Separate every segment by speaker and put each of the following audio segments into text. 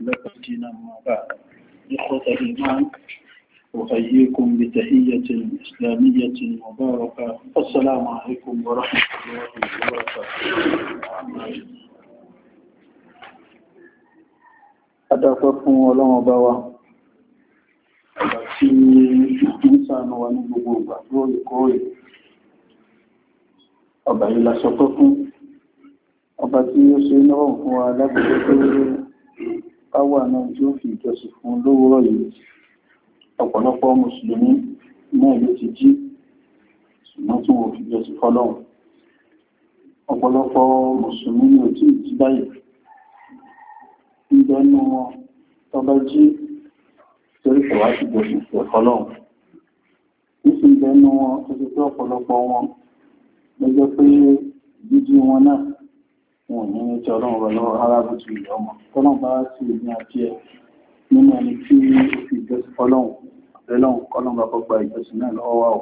Speaker 1: لكم دينا ما بعد إخوة الإيمان أحييكم بتحية إسلامية مباركة السلام عليكم ورحمة الله وبركاته Adáfẹ́ fún ọlọ́run bá wa, ọ̀gbà tí ń sànà wa ní gbogbo ìgbà lóòrèkóòrè, ọ̀gbà yìí la sọ pé fún, ọba tí ó ṣe náà fún wa káwà náà tí ó fi ìjọsìn fún lówùúrọ̀ yìí ọ̀pọ̀lọpọ̀ mùsùlùmí náà ló ti jí ṣùgbọ́n tí wọ́n fi jọsìn fọ́lọ́run ọ̀pọ̀lọpọ̀ mùsùlùmí ní òtí ìjí báyìí ìgbẹ́nu wọn tọba jí torí kò wá sí jọsìn fọ́lọ́run nísìnyí ìgbẹ́nu wọn tó ti pé ọ̀pọ̀lọpọ̀ wọn lọ́jọ́ pé jíjí wọn náà wọn ò ní ní tí ọlọ́run rọ̀ lọ́wọ́ rárá bó ti ilẹ̀ ọmọ tọ́lọ́n bá sì ní àti ẹ̀ nínú ẹni tí ìjọsìn ọlọ́run ọ̀bẹ́lọ́run kọ́lọ́n bá kọ́gbà ìjọsìn náà lọ́wọ́ wa o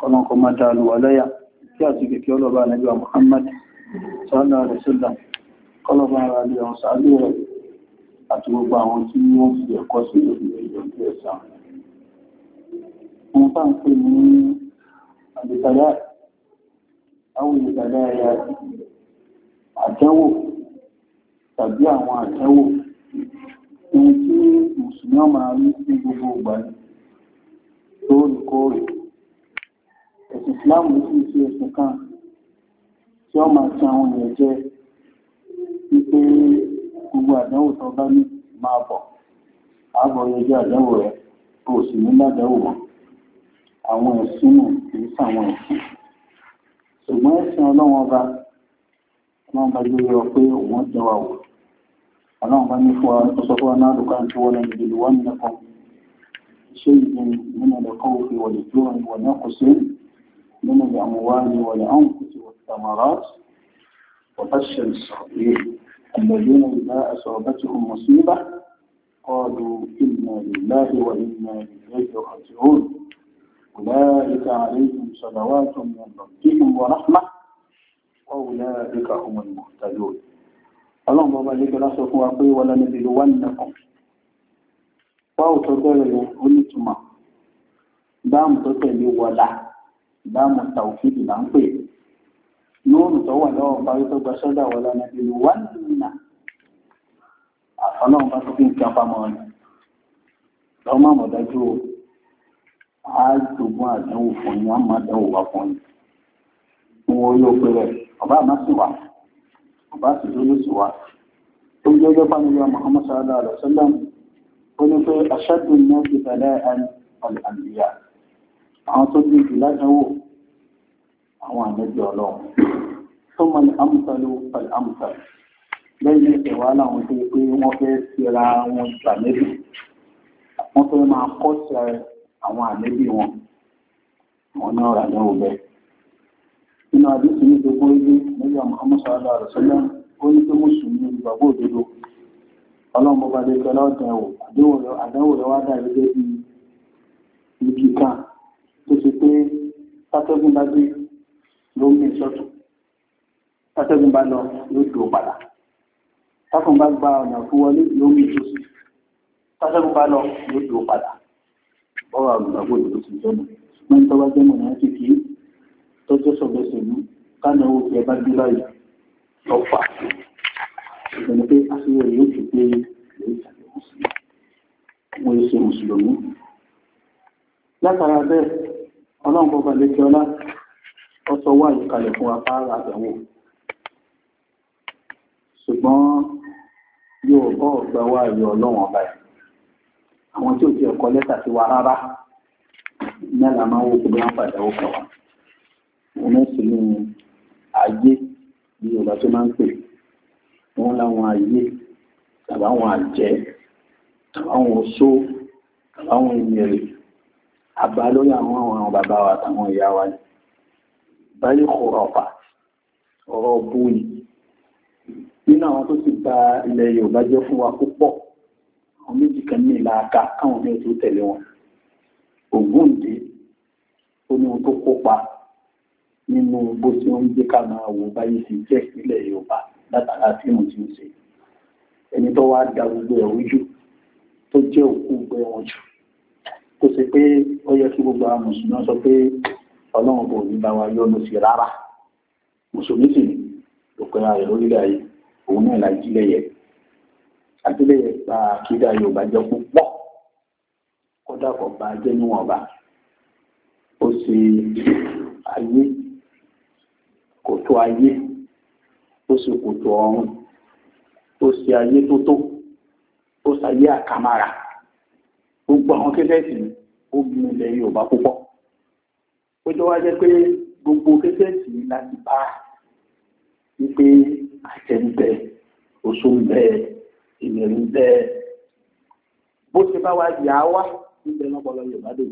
Speaker 1: kọ́lọ́n kọ́ má dá lu wa lẹ́yà kí àti kẹ̀kẹ́ ọlọ́ba ànábì wa Muhammad sọ́lá rẹ̀ sọ́lá kọ́lọ́n bá ara lé ọ̀sán alẹ́ rẹ̀ àti gbogbo àwọn tí wọ́n fi ẹ̀kọ́ sí ìjọsìn ẹ̀sán. Wọ́n bá ń pè ní àdìsàdá àwọn ìdìsàdá ẹ̀yà àdánwò tàbí àwọn àdánwò ohun tí mùsùlùmí ọmọ rí ní gbogbo ìgbà lóòrèkóòrè ẹ̀sìn Islam sì sí ẹ̀sìn kan tí ọmọ àti àwọn èèyàn jẹ wípé gbogbo àdánwò tó bá ní máa bọ̀ àbọ̀ yẹjú àdánwò rẹ̀ kò sì ní ládánwò wọn àwọn ẹ̀sìn náà kì í sàwọn ẹ̀sìn ṣùgbọ́n ẹ̀sìn ọlọ́wọ́n ọba ọlọ́run bá lórí ọ pé òun jẹ wa wò ọlọ́run bá ní fún wa tó sọ fún wa náà lùkà tí wọ́n lẹ́nu ìdílé wọ́n nìyẹn kan ṣé ìdí nínú ẹ̀kọ́ òfin wọ̀lẹ̀ tí wọ́n wọ̀ ní ọkọ̀ sí nínú ìyàmú wa ní wọ̀lẹ̀ àwọn kò ti wọ̀ tàmàrà وبشر الصابرين الذين إذا أصابتهم مصيبة قالوا إنا لله وإنا إليه راجعون أولئك عليهم صلوات من ربهم ورحمة وأولئك هم المهتدون اللهم بارك لنا سوف وقي ولا نبلونكم واو تدل ونتما دام تتلي ولا دام التوحيد دام بي نون تو ولا بارك بشدا ولا نبلوننا ọlọ́run bá tó fi ń kí apámọ́ rẹ̀ lọ́mọ àmọ̀dájú àádọ́gbọ́n àdánwò fún yín á máa dánwò wá fún yín wọn yóò pẹ́rẹ́ ọba àmà sí wa ọba sì dúró sí wa tó ń jẹ́jọ́ bá nílùú Muhammad sallallahu alaihi wasallam ó ní pé aṣáájú náà ti tẹ̀lé ẹni ọ̀làǹdíyà àwọn tó di jù lájọwò àwọn àlejò ọlọ́run tó mọ ní amúsàlù pẹ̀lú amúsàlù lẹ́yìn ẹ̀sẹ̀ wa láwọn tó pé wọ́n fẹ́ síra wọn gbà níbi wọ́n fẹ́ máa kọ́ sí àwọn àlejò wọn àwọn náà rà ní òun nínú àdúgbò ní gbogbo ilé nígbà Muhammad sallallahu alaihi wasallam ó ní pé mùsùlùmí olùgbàgbọ́ òdodo ọlọ́run bá lè tọ́lá ọ̀dẹ̀wò àdánwò rẹ̀ wá dà gẹ́gẹ́ bí ibi kan tó ṣe pé tátẹ́gùn bá gbé ló ń gbé sọ́tún tátẹ́gùn bá lọ ló dò padà tátẹ́gùn bá gba ọ̀nà fún wọlé ló ń gbé sọ́tún tátẹ́gùn bá lọ ló dò padà ọ̀rọ̀ àgbàgbọ́ òdodo ti jẹ́ mọ́ ní tọ́wọ́ jẹ́ mọ̀ ní kánà owó tí ẹ bá gbé báyìí lọ fà ìpinnu pé àṣírí yóò ti pé wọ́n ṣe mùsùlùmí látara bẹ́ẹ̀ ọlọ́run bọ́ba lẹ́kẹ́ ọlá ọsọ wà ìkàlẹ̀ fún afárá àbẹ̀wò ṣùgbọ́n yóò bọ́ ọ̀gbà wá ayọ̀ ọlọ́run ọba ẹ̀ àwọn tí ò ti ẹ̀kọ́ lẹ́tà sí wa rárá mẹ́la máa ń wò pé wọ́n padà ó kọ̀ wá òun sì ní ayé ní Yorùbá tó máa ń pè wọ́n láwọn ayé tàbáwọn àjẹ́ tàbáwọn oṣó tàbáwọn ènìyàn àbá lórí àwọn àwọn bàbá wa àtàwọn ìyá wa ni báyìí kọ̀rọ̀ ọ̀pá ọ̀rọ̀ ọ̀bú ni nínú àwọn tó ti bà ilẹ̀ Yorùbá jẹ́ fún wa púpọ̀ àwọn méjì kan ní ìlàaka káwọn mẹ́rin tó tẹ̀lé wọn Ògúndé ó ní ohun tó kópa nínú bó tí ó ń gbé ká máa wò báyìí ti jẹ́ ìpínlẹ̀ Yorùbá látara fíìmù tí ó ṣe ẹni tó wá da gbogbo ẹ̀rú jù tó jẹ́ òkú gbẹ wọn jù tó ṣe pé ó yẹ kí gbogbo àwọn mùsùlùmí sọ pé Ọlọ́run kò ní bá wa yọ́nú sí rárá mùsùlùmí sì ni òpin ara rẹ̀ lórílẹ̀ ayé òun náà la jílẹ̀ yẹ àjílẹ̀ gba àkídà Yorùbá jẹ́ púpọ̀ kódà kò bá jẹ́ níwọ̀nba ó ṣe ayé kòtò ayé ó sì kòtò ọ̀run ó sì ayé tó tó ó sàyé àkàmàrà gbogbo àwọn kẹsẹ̀sì ó bí ilẹ̀ Yorùbá púpọ̀ ó jọ wá jẹ́ pé gbogbo kẹsẹ̀sì láti bá wípé àjẹ ń bẹ oṣù ń bẹ ìmìrì ń bẹ bó ti bá wa yà á wá ń lọ́pọ̀lọpọ̀ Yorùbá dè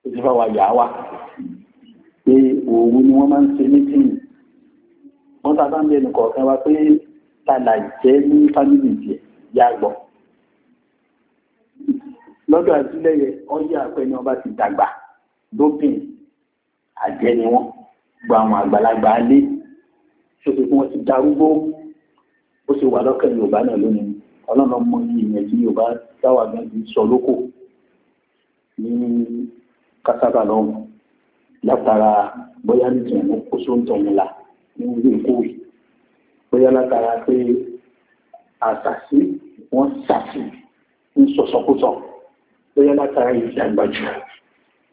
Speaker 1: bó ti bá wa yà á wá pé òru ni wọ́n máa ń ṣe mítìnì wọ́n sábà ń bẹ ẹnì kọ̀ọ̀kan wa pé tàlà jẹ́ ní fámìlì jẹ́ yá gbọ́ lọ́dọ̀ àdúlẹ̀ yẹ ọyẹ́ àpẹ ni wọ́n bá ti dàgbà dópin àjẹ́ ni wọ́n gba àwọn àgbàlagbà alé ṣoṣo fún wọn ti darúgbó ó sì wà lọ́kàn Yorùbá náà lónìí ọlọ́run mọ ìyẹn tí Yorùbá táwa gan ti sọ lóko ní kásábà lọ́hùn látara bóyá nìkan ní kó sóńtọ̀ wọn la ní orí ìkówè bóyá látara pé àṣàṣì wọn ṣàṣì ń sọsọkúsọ bóyá látara ìdàgbàjù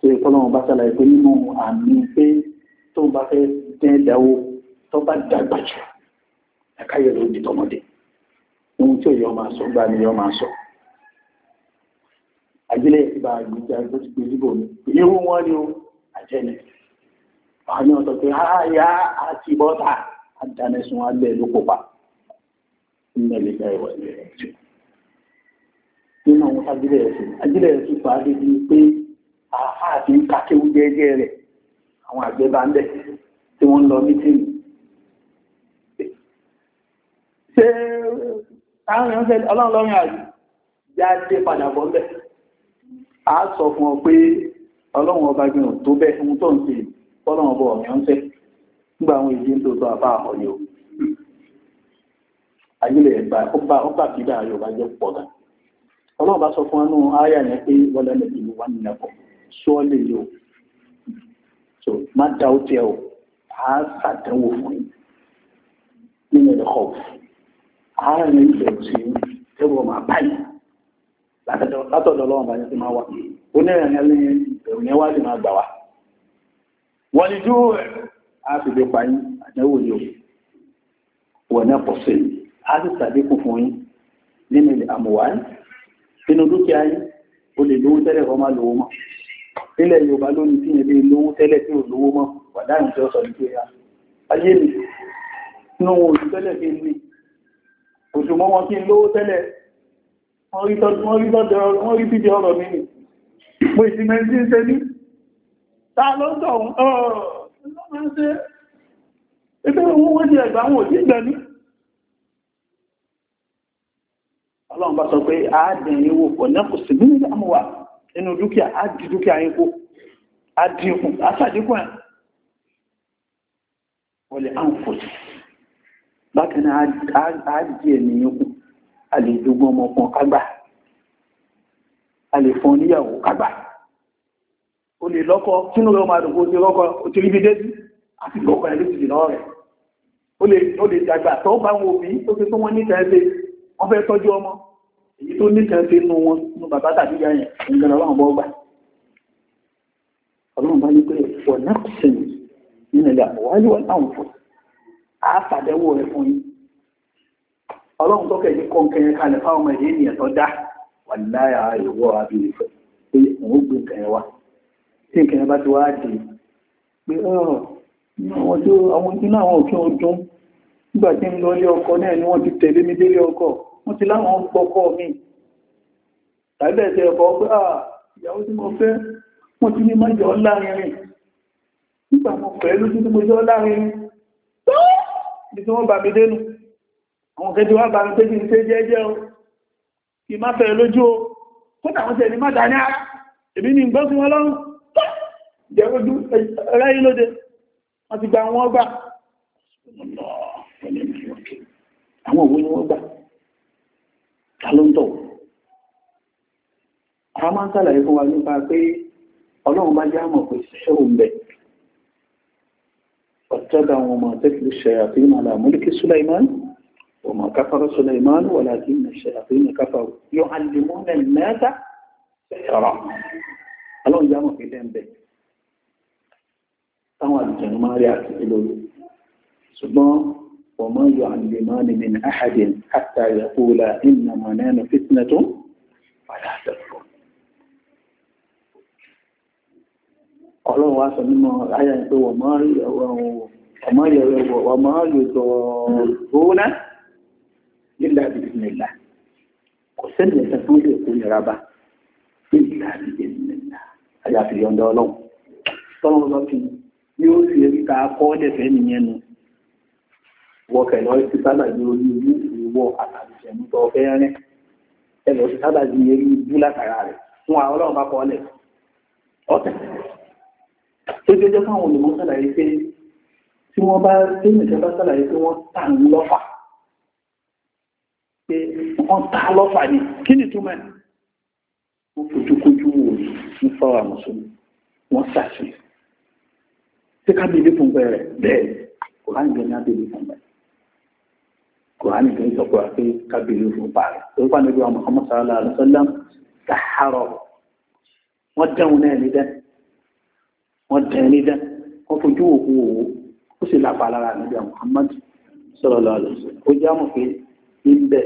Speaker 1: tó yẹ kọ́lọ́run bá ṣàlàyé pé nínú àmì pé tó bá fẹ́ dẹ́ dáwó tó bá dàgbàjù àkáyọ̀ ló di tọmọdé ohun tí òye ọmọ àṣọ gbà ni ọmọ àṣọ àjílẹ̀ ìbá àgbèjà tó ti gbé síbò ní wọn ni o àjẹ́lẹ̀. Àwọn ọ̀tọ̀ pé àáyá àti bọ́ta àdánẹ́sùn alẹ́ ló kópa nílẹ̀ ìgbà ìwà ilẹ̀ ẹ̀jẹ̀. Nínú àwọn ajílẹ̀ ẹ̀sìn, ajílẹ̀ ẹ̀sìn fà á dé bíi pé àáfà àti kákéwú jẹ́jẹ́ rẹ̀ àwọn àgbẹ̀ bá ń bẹ̀ tí wọ́n ń lọ mítìnì. Ṣé àwọn èèyàn fẹ́ ọlọ́run lọ́rùn àjò jáde padà bọ́ ń A sọ fún ọ pé ọlọ́run ọba gbìyànjú tó bẹ́ẹ̀ ohun tó ń ṣe ọlọ́run ọba ọ̀mìyàn tẹ́ nígbà àwọn èdè tó tọ́ àbá àmọ́lé o ẹ̀gbà ó bà kí dáa yóò bá jẹ́ pọ̀ gà ọlọ́run bá sọ fún wa nù yẹn pé wọlé lẹ́bi ìlú wa nìyẹn pọ̀ sọ́ọ́lẹ̀ yìí o má da ó tẹ o á ṣàdánwò fún yín nínú ẹ̀dẹ̀ kọ̀ àárín ìbẹ̀rù sí látọ̀dọ̀ ọlọ́run bá yẹn ti máa wà onírìnlẹ́ ìròyìn wá lè máa gbà wá wọ́n ni dúró rẹ̀ á fi lè pa yín àdánwò yóò wọ̀n náà pọ̀ sí i á sì sàdékù fún yín nínú àmùwá nínú dúkìá yín o lè lówó tẹ́lẹ̀ kọ́ máa lówó mọ́ nílẹ̀ Yorùbá lónìí tí ìyẹn lè lówó tẹ́lẹ̀ tí ò lówó mọ́ wà dáhùn tí ó sọ nípa ah, ẹ̀yà ayé mi nínú wọn òṣù tẹ́lẹ̀ fi ní òṣù mọ́ wọn kí n lówó tẹ́lẹ̀ wọ́n rí tọ́jú wọ́n rí tọ́jú ọ̀rọ̀ mi nìyí pé ìsinmi tí ń ṣe ní ta ló ń tọ̀hún ọ̀rọ̀ ẹgbẹ́ owó wọ́n jẹ́ ẹgbà àwọn òjí ìgbẹ̀ ní ọlọ́run bá sọ pé àádìn ìwò pọ̀ náà kò sí bí nílẹ̀ àmúwà nínú dúkìá àdì dúkìá yín kó àdínkù àṣàdínkù ẹ̀ wọlé àǹfòsì bákan náà àádì ènìyàn kù a lè dógún ọmọ kan kágbà a lè fún oníyàwó kágbà o lè lọ́kọ́ tínú rẹ̀ máa dùnkú ti rọ́kọ́ o ti rí bí déjú àti ìgbọ́kọ̀ ẹ̀ ló ti dìnà rẹ̀ o lè dàgbà tó bá wọn òbí tó fi tó wọ́n nítẹ̀ẹ́ ṣe wọ́n fẹ́ tọ́jú ọmọ èyí tó nítẹ̀ẹ́ ṣe nú wọn nú bàbá tàbí ìyá yẹn ìgbà ọlọ́run bọ́ gbà ọlọ́run bá ní pé wọ́n náà wọn ọlọ́run tó kẹ̀yìn kalẹ̀ fáwọn ọmọ ìdí ènìyàn dá wà láyà ìwọ àbí ìfẹ́ pé òun gbé kẹyẹ wá tí ìkẹ̀yẹ bá ti wá dì pé ọ̀rọ̀ àwọn iná àwọn òfin ọdún nígbà tí ń lọ ilé ọkọ náà ni wọ́n ti tẹ̀lé mi délé ọkọ wọ́n ti láwọn gbọ́kọ́ mi tàbí ẹ̀sẹ̀ ọkọ̀ pé à ìyàwó tí mo fẹ́ wọ́n ti ní mọ́jọ láàrin nígbà mo pẹ̀lú tí mo jọ láàrin tó bí tí wọ́n bà mí dénú àwọn kẹjọ wá bà mí pé kí n ṣe jẹ́jẹ́ o kí má fẹ́ lójú o kó tàwọn tẹ̀lé má dání ara èmi ni ìgbọ́ sí wọn lọ́rùn jẹ́rójú ẹ̀rẹ́ ìlóde wọ́n ti gba wọ́n gbà àwọn òwe ni wọ́n gbà ta ló ń tọ̀ a máa ń sàlàyé fún wa nípa pé ọlọ́run bá jẹ́ àmọ̀ pé ṣẹ́rù ń bẹ̀ ọ̀tọ́dà àwọn ọmọ tẹ́kìlì ṣẹ̀yàfín àlà múlùkí Sulaiman ọmọ káfàrọ̀ Sulaiman wà láti ìmọ̀ ṣẹ̀yàfín káfàrọ̀ yóò alìmọ́nà mẹ́ta ṣẹ̀rọ̀ ọlọ́run jẹ́ àmọ̀ pé dẹ́ táwọn àlùjẹ̀nu máa rí àti ìlòlò ṣùgbọ́n wọ́n máa yọ ni min ahadin hatta yaqula ma nahnu fitnatun fala tẹ̀fọ́. ọlọ́run wá sọ nínú ayé tó wọ́n máa rí ọ̀rọ̀ wọ́n máa yọ ìdọ̀ọ̀rọ̀ nílá ìdílélá kò sẹ́ni ẹ̀sẹ̀ tó lè kó nira bá nílá ìdílélá àyàfi yọ̀ǹda ọlọ́run tọ́lọ́run lọ́kìn yóò sì rí ká kọ́ lẹ́fẹ̀ẹ́ nìyẹn nu wọkẹ̀ lọ sí sábà yóò rí orí ìwọ àtàlùjẹ̀mú tó fẹ́ rẹ́ ẹ lọ sí sábà yóò rí ibú látara rẹ̀ fún àwọn ọlọ́run bá kọ́ lẹ̀ ọ̀tẹ̀ tó jẹjẹ fáwọn olùmọ̀ sàlàyé pé tí wọ́n bá tí nìkan bá sàlàyé pé wọ́n tà ń lọ́fà pé wọ́n tà lọ́fà ni kí ni túmọ̀ ẹ̀ wọ́n fojú kojú wò ní fáwọn àmọ̀sọ́nù wọ́n sàṣeyọ ṣé ká bèèrè fún pẹ́ rẹ̀ bẹ́ẹ̀ kùránì kan ní á bèèrè fún pẹ́ kùránì kan sọ pé àti ká bèèrè fún pa rẹ̀ tó bá níbi àwọn ọmọ sàrà lára sọ́lá sàárọ̀ wọ́n dẹ́hùn náà ní dẹ́ wọ́n dẹ́hùn ní dẹ́ wọ́n fojú òkú òwò ó sì lápá lára níbi àwọn Muhammad sọ̀rọ̀ lọ́wọ́ ó jẹ́ pé ibẹ̀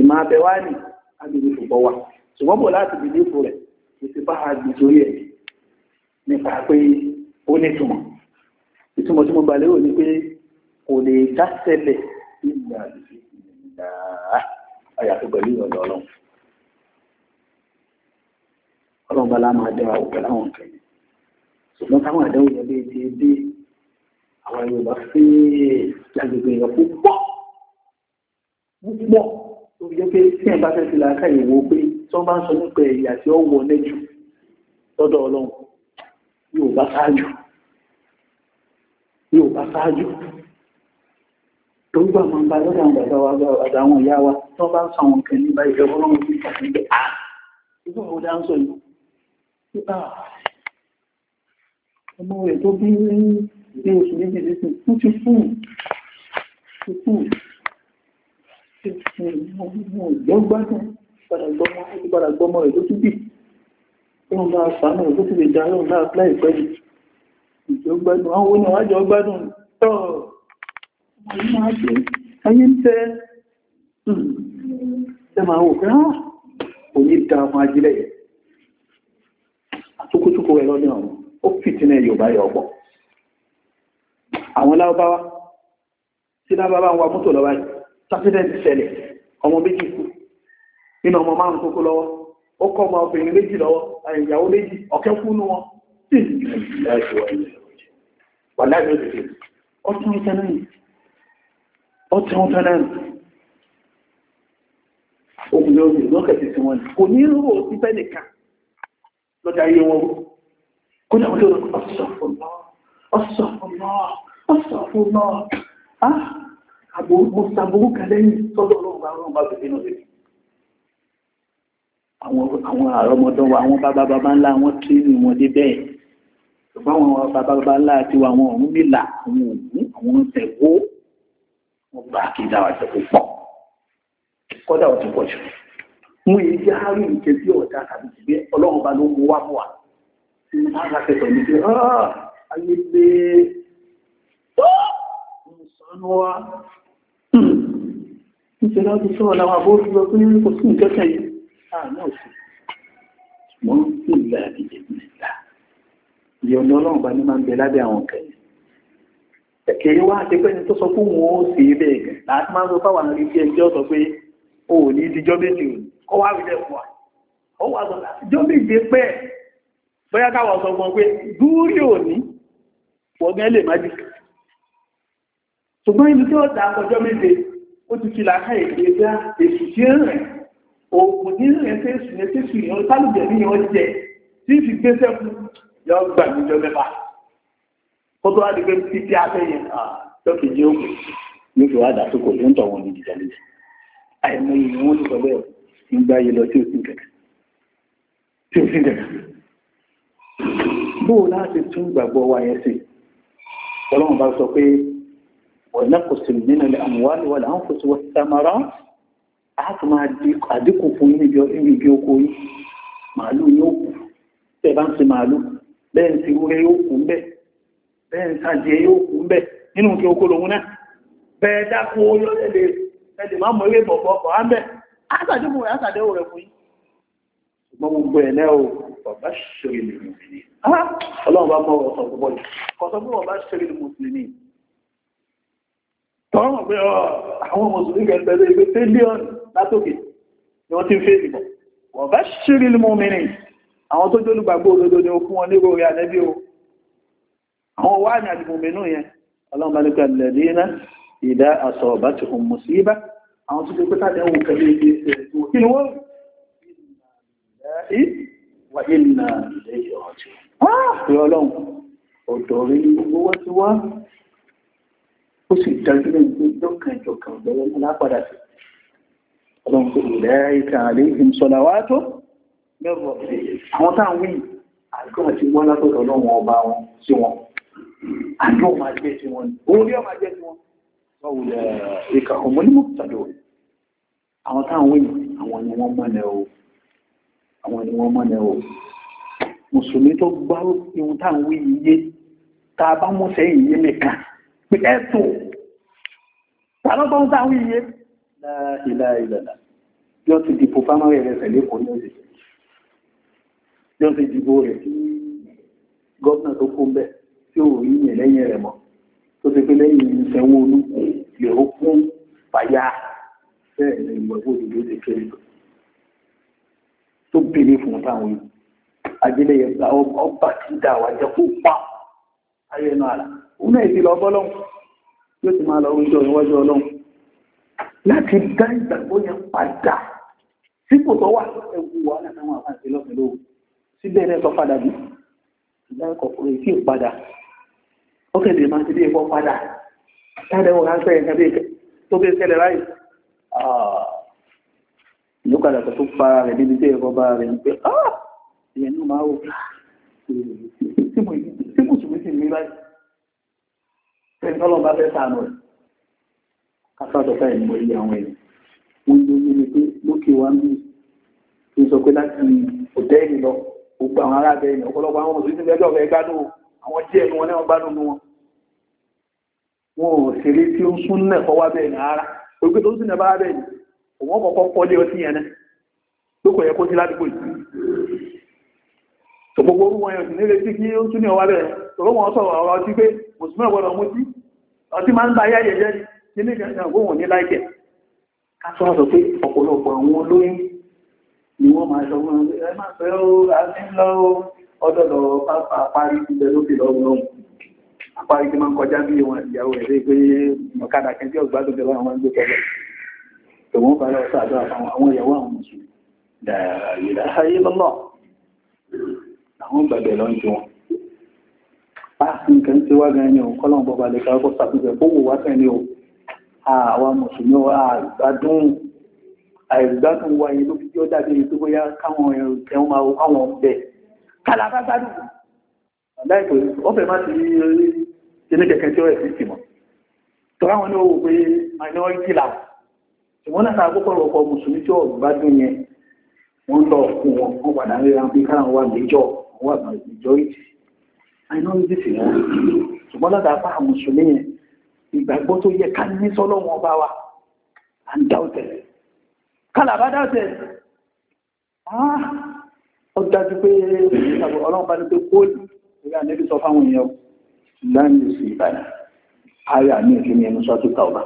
Speaker 1: ìmọ̀ abẹ wá ní nípa pé ó nítumọ̀ ìtumọ̀ tí mo gbà lérò ni pé kò lè dá ṣẹlẹ̀ nígbà ìgbà àyàfi pẹ̀lú ìrọ̀lẹ́ ọlọ́run ọlọ́run bá láàmú àdéhùn àwọ̀ pẹ̀lú àwọn kẹ̀lẹ́ ṣùgbọ́n táwọn àdéhùn yẹn bíi ti dé àwọn Yorùbá fi lágbègbè yẹn púpọ̀ púpọ̀ tó fi jẹ́ pé tí ẹ̀ bá fẹ́ fi làákà ìwò pé tí wọ́n bá ń sọ nípa ẹ̀yà tí ó wọlé jù lọ́dọ̀ ọlọ́run Yorùbá ṣáájú ṣáájú tó gbà máa bá lọ́dọ̀ àwọn ìyá wa tó bá sọ àwọn wọ́n bá sàánù tó ti lè darí ọ̀nà àpláì àwọn oníwájọ́ gbádùn Hmm. Ah, Àwọn lábábáwá, tí lábábá ń wa mọ́tò lọ́wọ́ yìí, sáfídẹ́ntì ṣẹlẹ̀, ọmọ méjì kú, nínú ọmọ márùn-ún kókó lọ́wọ́, ó kọ́ ọmọ obìnrin méjì lọ́wọ́, àyìyàwó méjì, ọ̀kẹ́ fún wọn, tí ìlú ìlú ìlú ìlú ọtún ìtẹ́lẹ̀ ọtún ìtẹ́lẹ̀ òkùnlẹ̀ òkùnlẹ̀ lọ́kẹ̀ sí sí wọn kò ní rò sí fẹ́lẹ̀ kan lọ́jà ayé wọn kó ní àwọn ọ̀sọ̀fọ̀lọ́ ọ̀sọ̀fọ̀lọ́ ọ̀sọ̀fọ̀lọ́ àbòmọ̀sàbòrú kẹlẹ́yìn sọ́dọ̀ ọlọ́run àwọn bàbá bàbá ńlá wọn tí ní wọn dé bẹ́ẹ̀ báwọn bàbá ńlá àti àwọn ọ̀run nílà àwọn òògùn àwọn tẹ̀wó wọn bá kí dáwà tẹ̀ púpọ̀ kọ́dà ó ti pọ̀ jù mú èyí jẹ́ àárín ìkẹ́ bí ọ̀dà tàbí ìgbé ọlọ́run bá ló mú wá bọ̀ wá tí wọ́n bá láti sọ ní pé ah, ayé pé tó ń sọnù wá nítorí wọ́n ti sọ̀rọ̀ làwọn àbórí ìyọ̀nà ọlọ́run bá ní máa ń bẹ lábẹ́ àwọn kẹ̀yìn ẹ̀kẹ́ wá ti pẹ́ ni tó sọ fún wọn ó sì bẹ́ẹ̀ gẹ̀ láti máa ń sọ fáwọn àrí tí ẹjọ́ sọ pé o ò ní ìdíjọ́ méjì ò kọ́ wá rí lẹ́fún wa ó wà sọ ìjọ́ ah, méje pẹ́ bóyá káwọn sọ fún ọ pé dúrí òní wọ́gán lè má jù ṣùgbọ́n ibi tí ó dá ọjọ́ méje ó ti fi làákà èdè dá èsù tí ń òògùn ní rìn fẹ́sù ní fẹ́sù ní ìyọ́n jẹ tí ì fi yọ gbà mí jọ mẹ́fà kó wá di pé títí afẹ́yìn lọ́kìjì ó pè ní kí wàá dàtú kò tó ń tọ̀ wọn ní ìdíjà lẹ́yìn àìmọye ni wọ́n ti sọ bẹ́ẹ̀ ń gbá yé lọ tí ò sí kẹ̀kẹ́ tí ò sí kẹ̀kẹ́ bóò láti tún gbàgbọ́ wa yẹn sí ọlọ́run bá sọ pé ọ̀nà kò sì nínú ilẹ̀ àmúwálé wà láwọn kò sí wọ́n ti a ti máa àdínkù fún níbi oko yìí màálù yóò kù tẹ̀ bá ń sin màálù bẹ́ẹ̀ sí wúrẹ́ yóò kú ń bẹ̀ bẹ́ẹ̀ sàjẹ́ yóò kú ń bẹ̀ nínú kí okó lòun náà bẹ́ẹ̀ dákun olóòlẹ̀ ẹ̀lẹ̀ máa mọ̀ eré bọ̀bọ̀ ọkọ̀ á ń bẹ̀ ásàdéhùn rẹ̀ ásàdéhùn rẹ̀ fún yín ṣùgbọ́n gbogbo ẹ̀ náà o bàbá ṣòrí lè mú sí ọlọ́run bá mọ̀ ọ̀sọ̀ gbogbo yìí kọ̀sọ̀ gbogbo bàbá ṣòrí lè mú sí ní tọ́rọ̀ pé àwọn mùsùlùmí kan àwọn tó jólú gbàgbọ́ òdodo ni ó fún wọn nígbò rí ànẹ́bí o àwọn wá ní àdìmọ̀ mẹ́nu yẹn ọlọ́run bá nípa lẹ́lẹ́ná ìdá àṣọ ọ̀bá ti hùn mọ̀ sí ibá àwọn tó ah! pé ọlọ́run tó ìlẹ́ ìkàlẹ́ ìmùsọ̀làwátó mẹ́rọ àwọn táà ń wí àdúgbò àti wọ́n látọ̀dọ̀ lọ́wọ́ ọba wọn sí wọn àdúgbò máa jẹ́ sí wọn òun ní ọmọ jẹ́ sí wọn báwo lẹ ìka ọmọ onímọ̀ tàbí òun àwọn táà ń wí àwọn ni wọ́n mọ́lẹ̀ o àwọn ni wọ́n o mùsùlùmí tó gbá ihun táà ń wí iye tá a bá mú sẹ́yìn iye nìkan pé ẹ̀tùn tá lọ́tọ́ ń táà ń wí iye láìláìlà yóò ti dìbò fáwọn ẹ̀rẹ̀ bí ó ti dìbò rẹ̀ sí gọ́ọ̀nà tó kó bẹ́ẹ̀ tí ò rí yẹn lẹ́yìn rẹ̀ mọ́ tó ti pé lẹ́yìn ìṣẹ́wó olú lè ó kún fàyà bẹ́ẹ̀ ni ìmọ̀ ìwé òdòdó ti kéré tó tó bèrè fún táwọn yìí ajílẹ̀ yẹn gba ọba tí dà wá jẹ́ kó pa ayẹnu àlà òun náà ti lọ bọ́lọ́hùn yóò ti máa lọ wíjọ níwájú ọlọ́hùn láti dá ìgbàgbọ́ yẹn padà sípò tó wà ẹ̀wù wàhálà táwọn àbáṣe lọ́fẹ̀ẹ́ lóhùn síbẹ̀ náà tó padà bí ìdáyẹ̀ kọ̀ọ̀kọ̀rọ̀ ìfì padà ó kẹ̀lé máa ti bí ẹ̀kọ́ padà tádẹ́wọ̀ ránṣẹ́ ẹ̀kan bí tó bí ṣẹlẹ̀ láì ìlú padà tó para rẹ̀ níbi tí ẹ̀kọ́ bá rẹ̀ ń pẹ́ ah! ìyẹn ní máa wò tí kò sùn sí mi láì fẹ́ tọ́lọ́ bá fẹ́ sànù rẹ̀ kásádọ̀ fẹ́ ìmọ̀ ilé àwọn èèyàn wọ́n yóò yé mi pé lókè wá ń bí kí n sọ pé láti òtẹ́ẹ̀lì lọ gbogbo àwọn arábẹ́ èèyàn ọ̀pọ̀lọpọ̀ àwọn mùsùlùmí ti lẹ́jọ́ ọ̀fẹ́ gbádùn àwọn díẹ̀ ni wọ́n náà gbádùn nu wọn wọn ò ṣeré tí ó ń sún náà fọwọ́ bẹ́ẹ̀ ní ara ògbé tó ń sún náà bá bẹ́ẹ̀ ni òun kọ̀ọ̀kan kọ́lé ọtí yẹn náà lókò yẹ kó sí ládùúgbò yìí tó gbogbo orú wọn yẹn sì nílé tí kí ó ń sún ní ọwọ́ bẹ́ẹ̀ tòró wọn sọ̀rọ̀ ọ̀rọ̀ ọtí pé mùsùlùmí ọ̀gbọ́dọ̀ mú sí ọtí máa ń tó ni wọ́n máa ṣọ fún ẹ máa pẹ́ ó àti lọ́wọ́ ọdọ́dọ̀ parí ìbẹ̀ lókè lọ́wọ́ parí tí máa ń kọjá bí wọn ìyàwó rẹ̀ pé ọ̀kadà kẹntí ọ̀gbádùn tẹ́lọ́ àwọn ẹgbẹ́ tọ́lọ́ tòun bá lọ sáàdọ́ àwọn ìyàwó àwọn mùsùlùmí dàrà ayé lọ́lọ́ àwọn gbàgbẹ̀ lọ ń wọn a nǹkan tí wá gan ni òun kọ́lọ̀ lè ká ọkọ̀ sàtúnjẹ kó wò ni o àwa mùsùlùmí àgbàdùn àìgbádùn wa yìí ló fi jọ́ dàbí èyí tó bóyá káwọn ẹ̀rùn máa wo káwọn bẹ̀ kálábá gbádùn láìpẹ́ ọ̀fẹ́ má ti rí ilé kẹ̀kẹ́ tí ó rẹ̀ sí mọ̀ tọ́ra wọn ní owó pé minority lab ṣùgbọ́n náà àgbọ́pọ̀ ọ̀pọ̀ mùsùlùmí tí ó gbádùn yẹn wọ́n lọ fún wọn wọ́n padà rí ra pé káwọn wà méjọ wà majority minority sì wọ́n ṣùgbọ́n láti apá mùsùlùmí yẹn ìgbàgbọ́ tó yẹ ká ní sọ́lọ́wọ́n bá wa undoubtedly kálàbá dáṣẹ̀ ah, ó dájú pé ọlọ́run bá ní pé kóòlù ìrìn ànẹ́bí sọ fáwọn èèyàn láàrin ìsìn ìbàdàn ayà ní ìfẹ́ ní ẹnu sọ́tù tàọ̀bà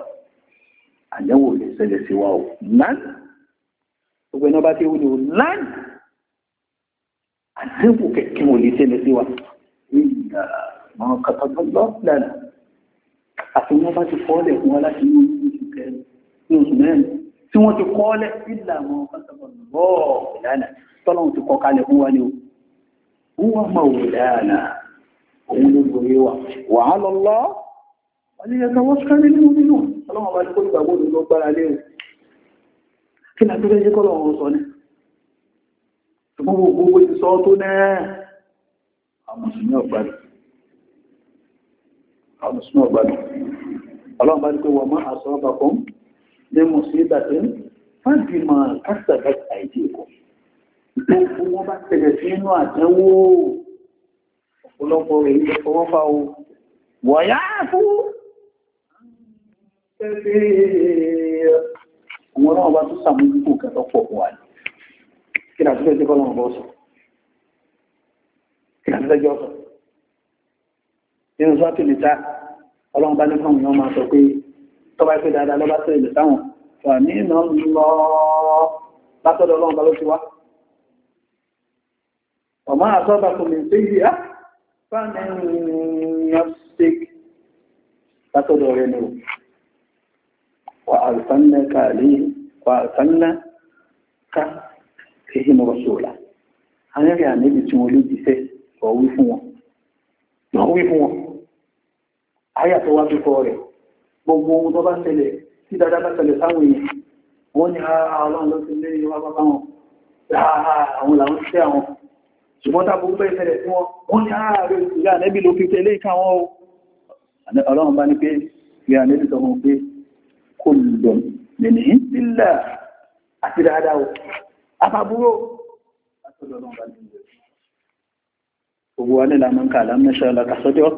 Speaker 1: àyẹ̀wò lè ṣẹlẹ̀ sí wa ò lán gbogbo ẹ̀nà bá ti wù ní ò lán àdínkù kẹ̀kẹ́ wò lè ṣẹlẹ̀ sí wa ìgbà àwọn kàtàkùnlọ́ lẹ́nu àti wọ́n bá ti fọ́ọ̀lẹ̀ fún wa láti ní oṣù kẹrin ní oṣù mẹ́rin tí wọ́n ti kọ́ lẹ̀ ìlànà ọ̀pọ̀lọpọ̀ ìlànà tọ́lọ́run ti kọ́ kalẹ̀ fún wa ni ó wọ́n mọ̀ wò dáadáa òun ló gbòye wa wà á lọ lọ wọ́n ní ẹ̀ka wọ́n sáré nínú ní kó bá ní pé wọ́n ní mùsùlùmí fábìmọ̀ kásìtàkà àìdí ẹ̀kọ́ gbogbo wọn bá tẹ̀lẹ̀ sí inú àdánwò ọ̀pọ̀lọpọ̀ rẹ̀ ilẹ̀ fọwọ́ fa o wọ̀yá fún àwọn náà bá tún sàmójúkò kẹtọ́pọ̀ wà ní kí ni àtúnṣe tí kọ́lọ́mù bọ́ sọ kí ni àtúnṣe jọ sọ nínú sọ́tò nìta ọlọ́run bá ní fáwọn èèyàn máa sọ pé tọ́ba ẹgbẹ́ dáadáa lọ́ba tó ilẹ̀ sáwọn wà ní ìnà lọ látọ̀dọ̀ ọlọ́run bá ló ti wá ọmọ àtọ́ba kò lè ṣe yìí á fáàní yọsík látọ̀dọ̀ rẹ̀ ni wà àlùfáàní kàlí wà àlùfáàní ká èyí mọ̀ sóòlà arẹ́rẹ́ àmẹ́bí tí wọ́n ló jíṣẹ́ ọ̀wí fún wọn ayàtọ̀ wá bí kọ́ rẹ̀ gbogbo ohun tó bá ṣẹlẹ̀ tí dáadáa bá ṣẹlẹ̀ sáwọn èèyàn wọ́n ní ara ah, ah, ọlọ́run ló ti lé ìwà bá wọn ah, àwọn làwọn ṣẹ́ àwọn ṣùgbọ́n tàbí ó bẹ́ẹ̀ ṣẹlẹ̀ sí wọn wọ́n ní ara rẹ̀ ìyá ànẹ́bí ló fi tẹ́lé ìka wọn o ọlọ́run bá ní pé ìyá ànẹ́bí sọ pé kò lùdọ̀ nìní sílẹ̀ àti dáadáa o àfàbúrò gbogbo wa ní làmọ́ ń kà lámẹ́ṣọ́ lọ́kà sọ́jọ́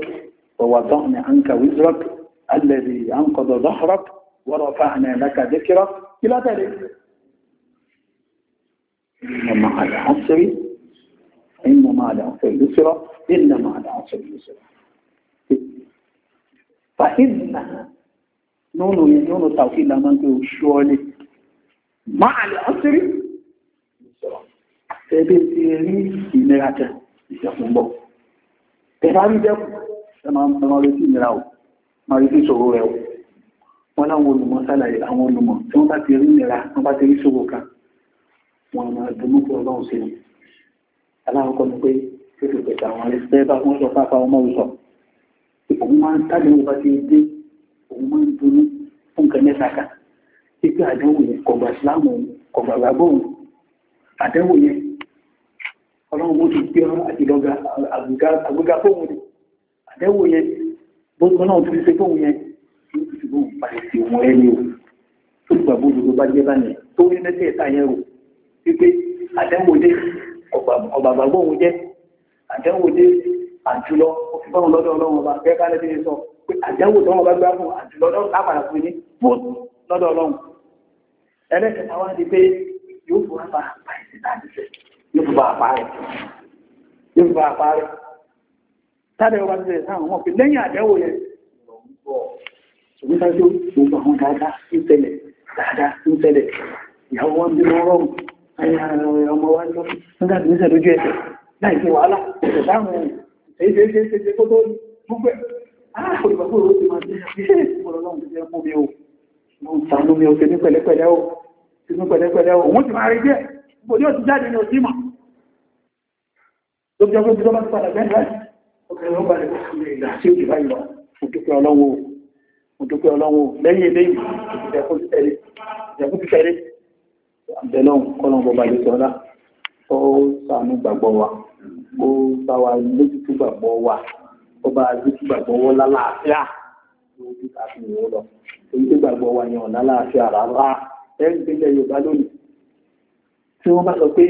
Speaker 1: ọ̀wà tán ní àǹkà wíjọ́kì الذي أنقض ظهرك ورفعنا لك ذكرك إلى ذلك إنما مع العصر إنما على العصر يسرا إنما على العصر يسرا فإن نون نون التوحيد لما أنت شوالي مع العصر يسرا تبي تيري إنراتا يسرا تبي تيري إنراتا máa rí sí ìṣòro rẹ̀ o wọ́n láwọn olùmọ̀ sálàyé àwọn olùmọ̀ tí wọ́n bá ti rí nira wọ́n bá ti rí ṣòro kan wọ́n máa dùnú pé ọlọ́run sí ni aláwọ̀kọ́ ni pé tó ti pẹ̀tà àwọn ẹgbẹ́ bá wọ́n sọ pápá ọmọ òsọ òun máa ń tàbí wọn bá ti dé òun máa ń dùnú fún nǹkan mẹ́ta kan pípé àdéhùn yẹn kọ̀gbà síláàmù kọ̀gbà gbàgbóhùn àdéhùn yẹn ọlọ́run mo ti gbé àgbéga fóun àdéhùn bóyá náà ti ṣe fóun yẹn yóò ti ṣe fóun padà sí wọn ẹni o tó gbà bójú ló bá jẹ́ báyẹn tó ní mẹ́tẹ̀ẹ̀ta yẹn rò wípé àtẹ́wòdé ọ̀gbàgbàgbọ́ òun jẹ́ àtẹ́wòdé àjùlọ ó fi báwọn lọ́dọ̀ ọlọ́run ọba bẹ́ẹ̀ ká lẹ́bí sọ pé àjẹ́wò tó wọn bá gbá fún àjùlọ lápàdà fún ní fún lọ́dọ̀ ọlọ́run ẹlẹ́kẹta wá di pé yóò fún apá àpá ẹ̀sìn láti fẹ́ yóò fún apá rẹ̀ yóò fún apá rẹ̀ tàbí ọba tẹ́lẹ̀ sáwọn ọmọ pé lẹ́yìn àdẹ́wò yẹn ṣùgbọ́n tàbí gbogbo àwọn dáadáa ń tẹ́lẹ̀ dáadáa ń tẹ́lẹ̀ ìyàwó wọn bí wọ́n rọrùn ọmọ wa lọ nígbà tí níṣẹ́ lójú ẹsẹ̀ láì sí wàhálà ẹ̀sẹ̀ sáwọn ẹ̀yìn ṣe ṣe ṣe ṣe kó tó gbogbo ẹ̀ àkọlùbàbò ló ti máa ṣe ṣe ìṣòro lọ́wọ́ ti jẹ́ mú mi o mo ń sàánú mi o ṣe ní pẹ̀lẹ́pẹ̀lẹ́ o ṣe ní pẹ̀lẹ́pẹ̀lẹ́ o òun ti máa rí díẹ̀ gbòdì ó ti jáde ní òsì mọ̀ lóbi ọgbẹ́ ti lọ́mọ́ ti padà bẹ́ẹ̀ obìnrin ó balẹ̀ pẹ̀lú ìlà sí òjò báyìí lọ òdúpẹ́ ọlọ́wọ́ òdúpẹ́ ọlọ́wọ́ lẹ́yìn eléyìí ìjẹ̀kú ti tẹ̀lé àbẹ̀lọ́hùn kọ́lọ́n bọba ilé sọ́lá ó sànú gbàgbọ́ wa ó bá wa lójútú gbàgbọ́ wa ó bá lójútú gbàgbọ́ wa lálàáfíà lójú káfí ìwọ lọ èyí tó gbàgbọ́ wa yàn lálàáfíà rárá ẹ̀rí ìpínlẹ̀ Yorùbá lónìí tí wọ́n bá sọ pé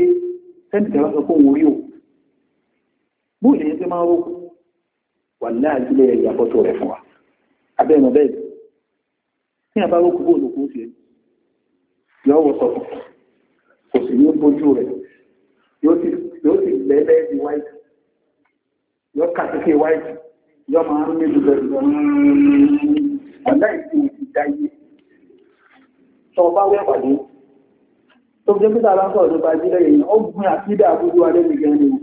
Speaker 1: sẹ́ńtì kan sọ pé òun rí o bóòlù yẹn ti máa ń rókò wà láàájú lè yà rẹ̀ fún wa abẹ́mọ̀ bẹ́ẹ̀ ní àbáwọ́ kúrò olùkú sí yọ́ wọ sọ kò ní bójú rẹ̀ yóò sì lẹ́lẹ́ di wáìtì yọ́ kàtíkì wáìtì yọ́ máa ń ní ìsìn bá wẹ́pàdé tó jẹ́ sọ̀rọ̀ nípa ìdílé yìí ó àbújú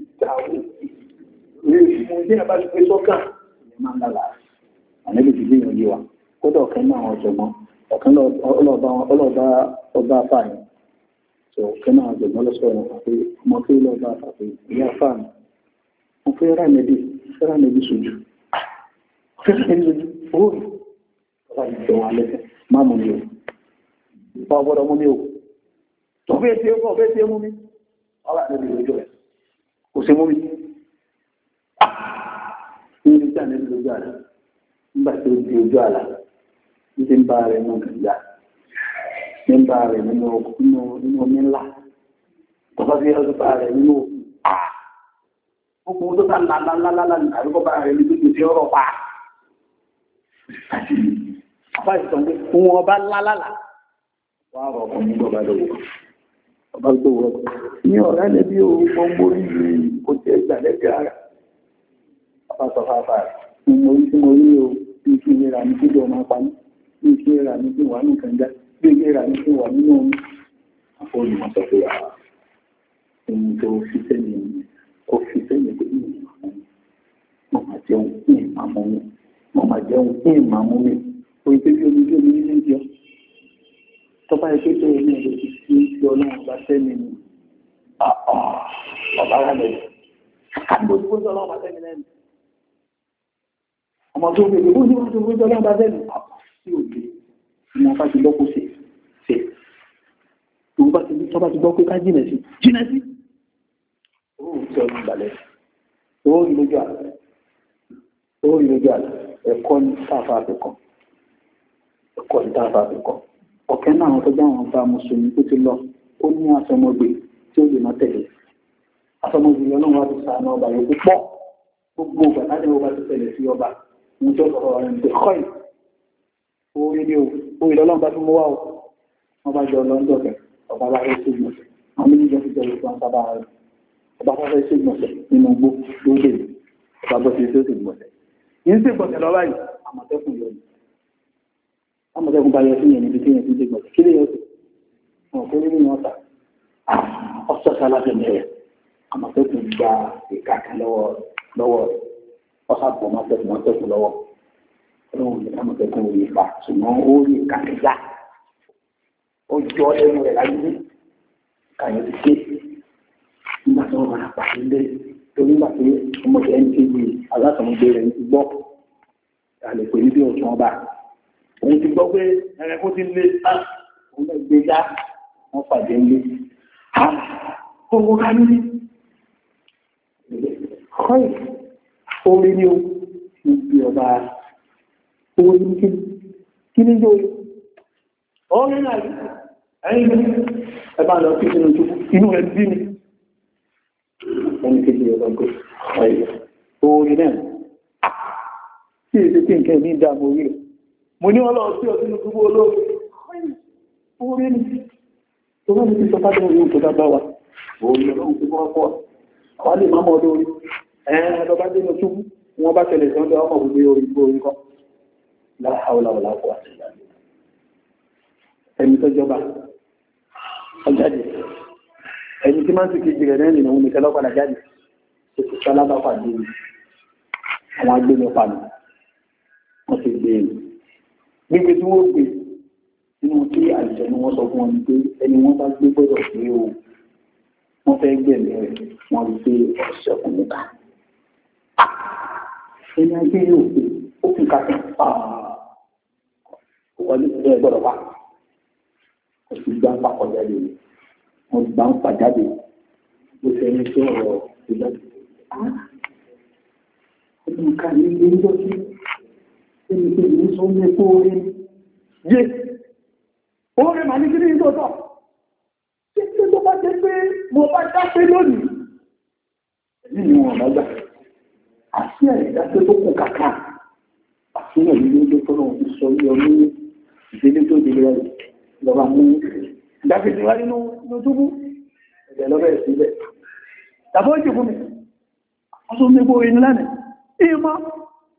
Speaker 1: ìdáwó lórí mú ní àbá ti pé sọ́kà ìyẹn máa ń lálà ànábì ti gbìyànjú yé wa kódà ọ̀kan náà ọ̀jọ̀gbọ́n ọ̀kan ọlọ́ọ̀bá ọba afáàyàn tó ọ̀kan náà ọ̀jọ̀gbọ́n lọ́sọ̀rọ̀ wọn pé ọmọ tó lọ́ọ̀bá àfàfẹ́ ìyá afáàyàn wọn fẹ́ rà nẹ́bí fẹ́ rà nẹ́bí sojú fẹ́ rà nẹ́bí sojú òórùn ọba ìjọ wa lẹ́sẹ̀ má mú mi o bá ọgbọ́dọ̀ mú mi o tó bẹ́ẹ̀ tí ó kọ́ bẹ́ẹ̀ tí ó mú mi ọba nẹ́bí lójú rẹ̀ kò ṣe mú mi ah! ní ojú àná ní ojú àná nígbà tí ó di ojú àlá ní ti ń bá rẹ̀ nù gàdá ní ń bá rẹ̀ nínú omi ńlá tọ́ba fi ọdún bá rẹ̀ nínú òkun ah! ọkùnrin tó bá lálálálá àrùkọ́ bá rẹ̀ ní gbogbo tí ọ̀rọ̀ pa àbá ìtàn pé fún ọba lálálà wàá rọ̀ ọkùnrin gbọ́ba lọ́wọ́ ọba tó wọ́ ní ọ̀rá lẹ́bí o gbọ́ngbó ìlú kò tẹ́ ìgbà lẹ́bí ara ọba sọ fàfà rẹ̀ mo rí tí mo rí o bí kí lè rà ní kí lọ máa paní bí kí lè rà ní kí wà ní kànjá bí kí lè rà ní kí wà nínú omi àfọlùmọ̀ sọ pé àwọn ah, ohun tó fi sẹ́yìn kò fi sẹ́yìn pé ní mo máa jẹun kí n mi mo jẹun kí n mi tọ́pá ẹgbẹ́ tó ilé ìlú ti sí ìlú ọlọ́run bá sẹ́mi ni ọba wà lẹ́yìn àgbòdìbò tó ọlọ́run bá sẹ́mi lẹ́nu ọmọ tó gbé ìgbébó ní wọ́n tó gbé ọlọ́run bá sẹ́mi sí òde ni wọ́n bá ti gbọ́ kó ṣe ṣe tọ́pá ti gbọ́ pé ká jìnà sí jìnà sí owó tí ọlọ́run balẹ̀ owó ìlójú àlẹ́ owó ìlójú àlẹ́ ẹ̀kọ́ ní sáfà àbẹ̀kọ́ ẹ̀kọ́ ní sáfà àbẹ̀kọ́ ọ̀kẹ́ náà tó bá wọn bá mùsùlùmí tó ti lọ ó ní asọmọgbè tí ó lè má tẹ̀lé asọmọgbè lọ́nà wa ti sàánú ọba yẹn púpọ̀ gbogbo ọgbà láti ọba ti tẹ̀lé sí ọba mo jọ sọ̀rọ̀ rẹ̀ pé kọ́ ì orí ni o orí lọ́lọ́run bá tún mú wá o wọ́n bá jọ lọ ń dọ̀kẹ́ ọba bá rẹ̀ sí ìgbọ̀nsẹ̀ àwọn méjì ti jọ lọ́sọ̀ ọba rẹ̀ ọba bá rẹ̀ sí ìgbọ̀nsẹ̀ nínú gbó lóde ọba bọ́ sí ìgbọ̀nsẹ̀ yìí ń sì gbọ̀nsẹ̀ lọ́wọ́ yìí àmọ̀tẹ́kùn yọ̀ yìí amọ̀tẹ́kùn bá yọ sí yẹn níbi tí yẹn ti dé gbọ̀dọ̀ kí lè yọ sí wọn kó nínú wọn ta ọ̀sọ̀ sá láti mẹ́rẹ̀ amọ̀tẹ́kùn gba ìka kan lọ́wọ́ lọ́wọ́ ọ̀sà pọ̀ mọ́tẹ́kùn mọ́tẹ́kùn lọ́wọ́ ọlọ́run ní amọ̀tẹ́kùn ò lè fà ṣùgbọ́n ó rí ìka kẹta ó jọ ẹnu rẹ̀ láyé kàyọ̀ ti ké nígbà tí wọ́n bá pàṣẹ lé torí òun ti gbọ́ pé ẹranko ti lé àwọn ẹgbẹ́ dá wọ́n pàdé ń lé ọmọ ah, ká ní ọ̀rẹ́ orí ni ó ti bí ọba owó ní kí kí ní yóò ọ̀rẹ́ náà ẹ̀yìn ẹ̀bá lọ sí inú tó inú ẹ̀ bí ni ẹni kéde ọba gbé ọ̀rẹ́ orí náà sí ah, èsì nǹkan ní ìdààmú rẹ̀ mo ní wọ́n lọ sí ọdún gbogbo olóòrùn orí ní tó wọ́n ní ti sọpá tó rí òkúta bá wa orí ọlọ́run tó wọ́n pọ̀ wọ́n lè máa mọ́ ọdún orí ẹ̀ẹ́n lọ bá dé ní túbú wọ́n bá tẹ̀lẹ̀ sọ́dọ̀ ọmọ gbogbo orí gbogbo orí kan láhàúláwọ̀lá kò àti ìlànà ẹni tó jọba ọjáde ẹni tí máa ń tìkì jìrẹ̀ náà nìyàn omi tẹ́lọ́pàá jáde tó ti sálábà pàdé àwọn agbẹ́mẹ́pàá wọ́n ti gbé ẹni e níbi tí wọ́n gbé nínú kí àìsàn ni wọ́n sọ fún wọn pé ẹni wọ́n bá gbé gbọ́dọ̀ pé o wọ́n fẹ́ gbẹ̀mí rẹ̀ wọ́n rí pé ọ̀sẹ̀ kò ní ká. ẹni ajé yóò pé ó fi kàkà wọlé ẹ gbọ́dọ̀ wá òsì gbà ń pàkọ́jáde wọ́n gbà ń pàjáde bó ṣe ní sí ọ̀rọ̀ ìlọ́dún. ọdún kan ní ilé ń pé ní tó lé kó orí yé orí màá ní kí ní ìtọ́tọ̀ tí tí tó bá jẹ́ pé mo bá dápé lónìí èyí ni wọ́n lọ́gbà àti ẹ̀dá tó tó kù kàkà àti náà ní ilé tó lọ́wọ́ ti sọ yọ ní ìdílé tó délé rẹ̀ lọ́ba mú dáfídì wá nínú túbú ẹ̀jẹ̀ lọ́bẹ̀ síbẹ̀ tàbí ó jù fún mi wọ́n tún ní gbóyè ìmọ̀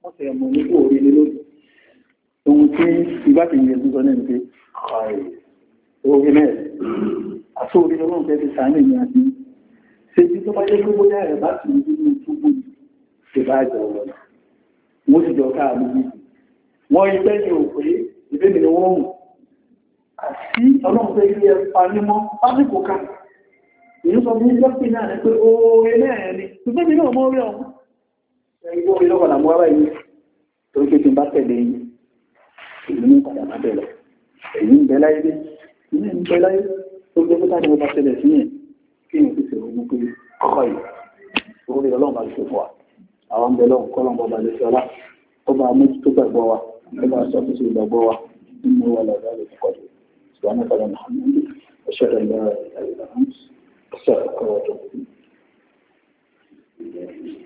Speaker 1: wọ́n sì ẹ̀mọ̀ nígbò orí ilé lónìí ohun tí igbákejì yẹn sọ náà ní pé orí náà àti orí ọlọ́run fẹ́ fi sàánì ní àti ṣe tí tó bá jẹ́ pé bóyá rẹ̀ bá sì ní nínú túbú ṣe bá jọ lọ wọ́n sì jọ káà lójú wọ́n rí bẹ́ẹ̀ ni ò pé ìbé mi ni wọ́n mú àti ọlọ́run fẹ́ ilé ẹ̀fà nímọ́ pásìkò ká èyí sọ fún jọ́pì náà ni pé oore náà ni ṣùgbọ́n mi náà mọ́ rí ọ̀hún igbó orí lọ́kọ̀ làmú wáwá yìí tó ń ké tí n bá tẹ̀lé yìí èyí ń padà má bẹ̀rẹ̀ èyí ń bẹ láyé dé èyí ń bẹ láyé tó gbé mọ́tà ni mo bá tẹ̀lé sí yẹn kí n fi ṣèrò mú pé ọkọ̀ yìí orí ọlọ́run bá ṣe fún wa àwọn ń bẹ lọ́run kọ́ lọ́n bọ́ba lè fi ọlá ó bá mójú tó gbàgbọ́ wa ó bá sọ fún sí ìgbàgbọ́ wa